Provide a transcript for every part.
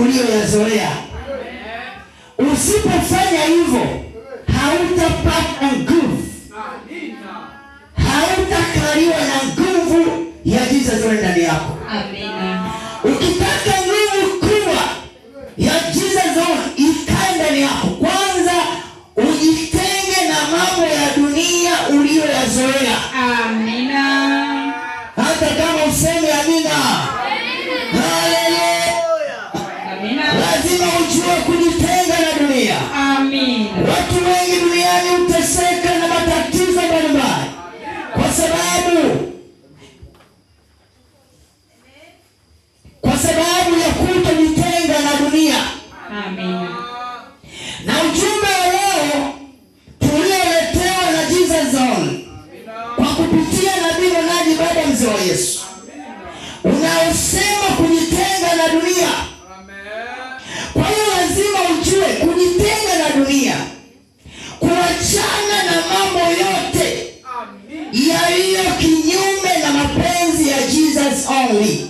uliyoyazoea. Usipofanya hivyo, hautapata nguvu, hautakaliwa na nguvu ya giza zile ndani yako. Amina. lazima ujue kujitenga na dunia. Amin. Watu wengi duniani huteseka na matatizo mbalimbali kwa sababu kwa sababu ya kutojitenga na dunia. Amin. Na ujumbe wa leo tulioletewa na Jesus Zone kwa kupitia nabii Yohana Baba mzee wa Yesu hii.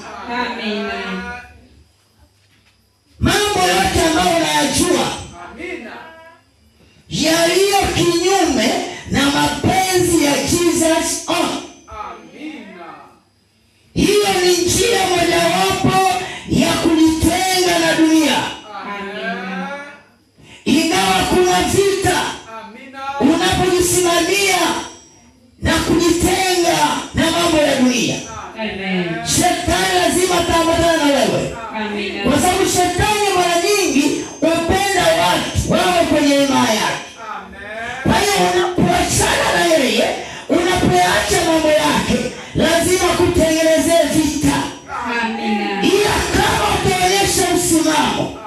Mambo yote ambayo unayajua yaliyo kinyume na mapenzi ya Jesus oh. Shetani lazima ataambatana na wewe, kwa sababu shetani mara nyingi hupenda watu wawe kwenye himaya yake. Kwa hiyo unapoachana na yeye, unapoacha mambo yake, lazima kutengenezea vita, ila kama utaonyesha msimamo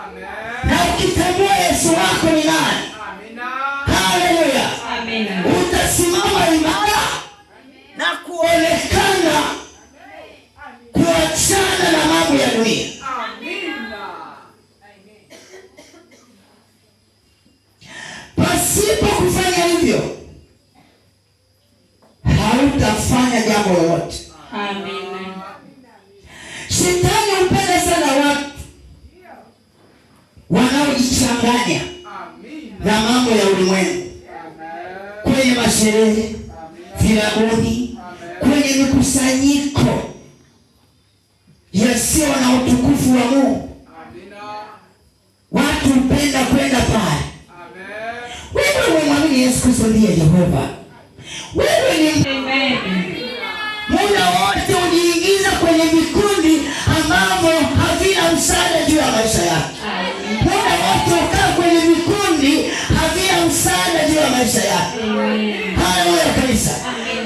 na ukitambua Yesu wako ni nani, haleluya, utasimama imara na kuonekana kuachana na mambo ya dunia. Pasipo kufanya hivyo, hautafanya jambo lolote. Shetani hupenda sana watu wanaojichanganya na mambo ya ulimwengu, kwenye masherehe, vilabuni, kwenye mikusanyiko yasiyo na utukufu wa Mungu. Watu hupenda kwenda pale. Wewe umemwamini Yesu Kristo ndiye Jehova, wewe ni muda wote uliingiza kwenye vikundi ambavyo havina msaada juu ya maisha yako. Muda wote ukaa kwenye vikundi havina msaada juu ya maisha yako. Haleluya, kanisa.